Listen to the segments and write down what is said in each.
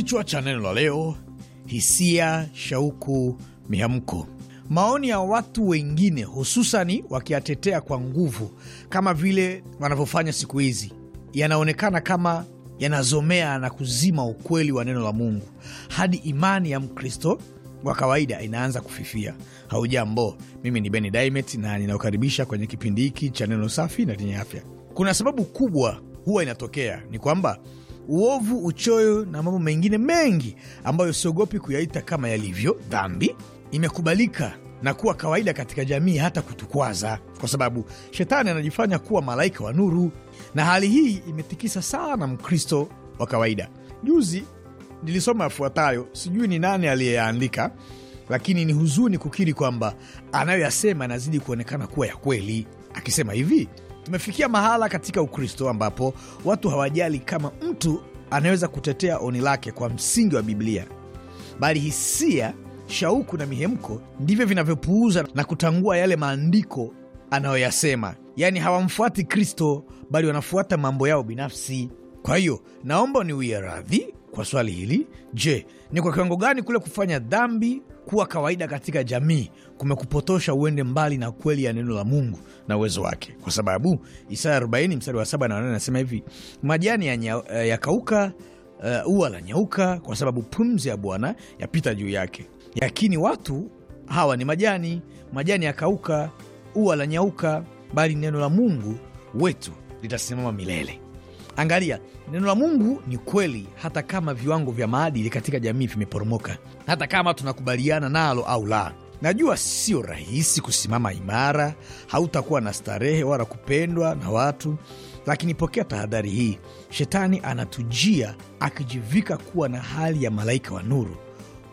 Kichwa cha neno la leo: hisia, shauku, mihamko. Maoni ya watu wengine, hususani wakiyatetea kwa nguvu, kama vile wanavyofanya siku hizi, yanaonekana kama yanazomea na kuzima ukweli wa neno la Mungu, hadi imani ya Mkristo wa kawaida inaanza kufifia. Haujambo, mimi ni Beni Dimet na ninaokaribisha kwenye kipindi hiki cha neno safi na chenye afya. Kuna sababu kubwa huwa inatokea ni kwamba uovu, uchoyo na mambo mengine mengi ambayo siogopi kuyaita kama yalivyo. Dhambi imekubalika na kuwa kawaida katika jamii, hata kutukwaza, kwa sababu shetani anajifanya kuwa malaika wa nuru, na hali hii imetikisa sana Mkristo wa kawaida. Juzi nilisoma yafuatayo, sijui ni nani aliyeyaandika, lakini ni huzuni kukiri kwamba anayoyasema yanazidi kuonekana kuwa ya kweli, akisema hivi: Tumefikia mahala katika Ukristo ambapo watu hawajali kama mtu anaweza kutetea oni lake kwa msingi wa Biblia, bali hisia, shauku na mihemko ndivyo vinavyopuuza na kutangua yale maandiko anayoyasema. Yaani hawamfuati Kristo, bali wanafuata mambo yao binafsi. Kwa hiyo naomba niwie radhi kwa swali hili. Je, ni kwa kiwango gani kule kufanya dhambi kuwa kawaida katika jamii kumekupotosha uende mbali na kweli ya neno la Mungu na uwezo wake? Kwa sababu Isaya 40 mstari wa 7 na 8 anasema hivi, majani eh, yakauka, ya uh, eh, ua la nyauka, kwa sababu pumzi ya Bwana yapita juu yake. Yakini watu hawa ni majani, majani yakauka, ua la nyauka, bali neno la Mungu wetu litasimama milele. Angalia, neno la Mungu ni kweli, hata kama viwango vya maadili katika jamii vimeporomoka, hata kama tunakubaliana nalo au la. Najua sio rahisi kusimama imara, hautakuwa na starehe wala kupendwa na watu, lakini pokea tahadhari hii. Shetani anatujia akijivika kuwa na hali ya malaika wa nuru.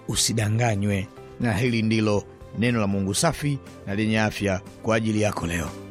Usidanganywe. Na hili ndilo neno la Mungu safi na lenye afya kwa ajili yako leo.